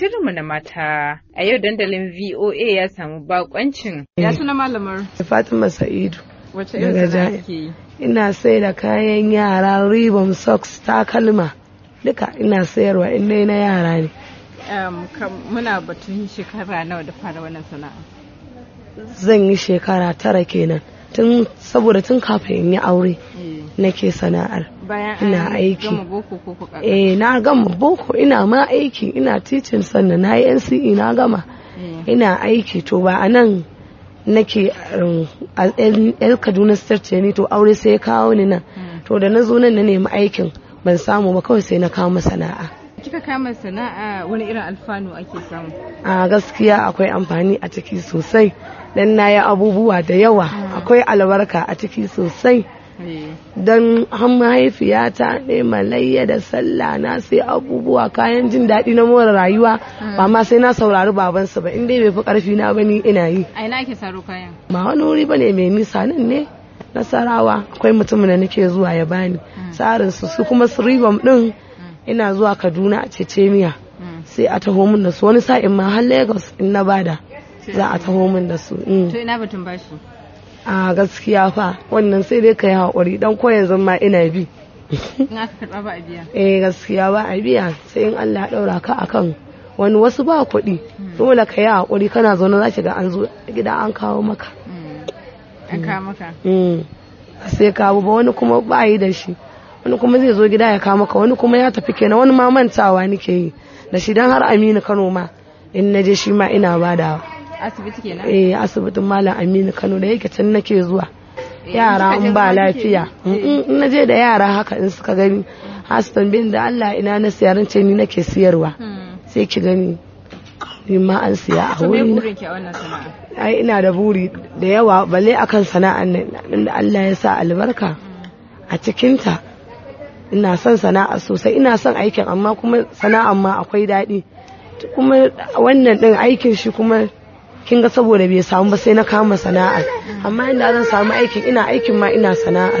shirinmu na mata. A yau dandalin VOA ya samu bakoncin. Ya suna malamar. Fatima Sa'idu. Wace irin Ina sai da kayan yara ribon socks takalma. Duka ina sayarwa in dai na yara ne. muna batun shekara nawa da fara wannan sana'a. Zan yi shekara tara kenan. Tun saboda tun kafin in yi aure. Eh. nake sana'ar ina aiki eh na gama boko ina ma aiki ina titin sannan na yi nce na gama eh. ina aiki to ba a nan nake yan um, kaduna state ce to aure sai ya kawo ni nan hmm. to da na zo nan na nemi aikin ban samu ba kawai sai na kama sana'a kika kama sana'a wani irin alfanu ake samu a gaskiya akwai amfani a ciki sosai dan na yi abubuwa da yawa hmm. akwai albarka a ciki sosai don mahaifiyata ne malayya da sallah na sai abubuwa kayan jin daɗi na more rayuwa hmm. ba ma sai na saurari babansa ba inda bai fi karfi na bani ina yi a ina ke saro kayan ba wani wuri bane mai nisa nan ne nasarawa akwai mutumin da nake zuwa ya bani hmm. tsarin su su kuma su ribam din hmm. ina zuwa kaduna a cecemiya sai a taho min da su wani sa'in ma har lagos in na bada za a taho min da su to ina batun bashi a gaskiya fa wannan sai dai ka yi haƙuri dan ko yanzu ma ina bi na karɓa ba a biya eh gaskiya ba a biya sai in Allah ya daura ka akan wani wasu ba kuɗi hmm. dole ka yi haƙuri kana zaune za ki ga an zo gida an kawo maka hmm. an kawo maka hmm. sai kawo ba wani kuma ba yi da shi wani kuma zai zo gida ya kawo maka wani kuma ya tafi kenan wani ma mantawa nake yi da shi dan har Aminu Kano ma in naje je shi ma ina badawa asibiti kenan eh asibitin malam aminu kano da yake can nake zuwa eh, yara in ba lafiya mm, eh. mm, in na je da yara haka in suka gani hastan bin da allah ina na siyarin ce ni nake siyarwa hmm. sai ki gani ni ma an siya a wuri ai ina da buri da yawa balle akan sana'an nan inda allah ya sa albarka a cikinta ina son sana'a sosai ina son aikin amma kuma sana'an ma akwai daɗi kuma wannan ɗin aikin shi kuma kin ga saboda bai samu ba sai na kama sana'ar amma inda zan samu aikin ina aikin ma ina sana'ar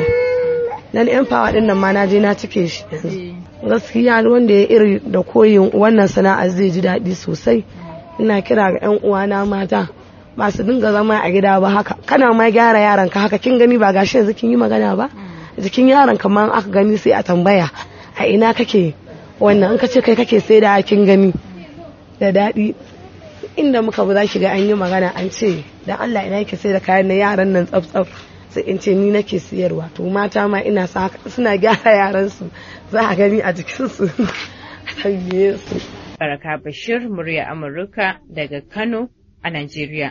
nan yan fawa din nan ma na je na cike shi yanzu gaskiya wanda ya iri da koyin wannan sana'ar zai ji daɗi sosai ina kira ga yan uwana mata masu dinga zama a gida ba haka kana ma gyara yaran ka haka kin gani ba gashi yanzu kin yi magana ba jikin yaron kamar aka gani sai a tambaya a ina kake wannan in ka ce kai kake sai da kin gani da daɗi inda muka ba za ki ga an yi magana an ce da Allah ina yake sai da kayan na yaran nan tsaf sai in ce ni nake siyarwa to mata ma ina suna gyara yaran su za a gani a jikin su Baraka Bashir murya Amurka daga Kano a Najeriya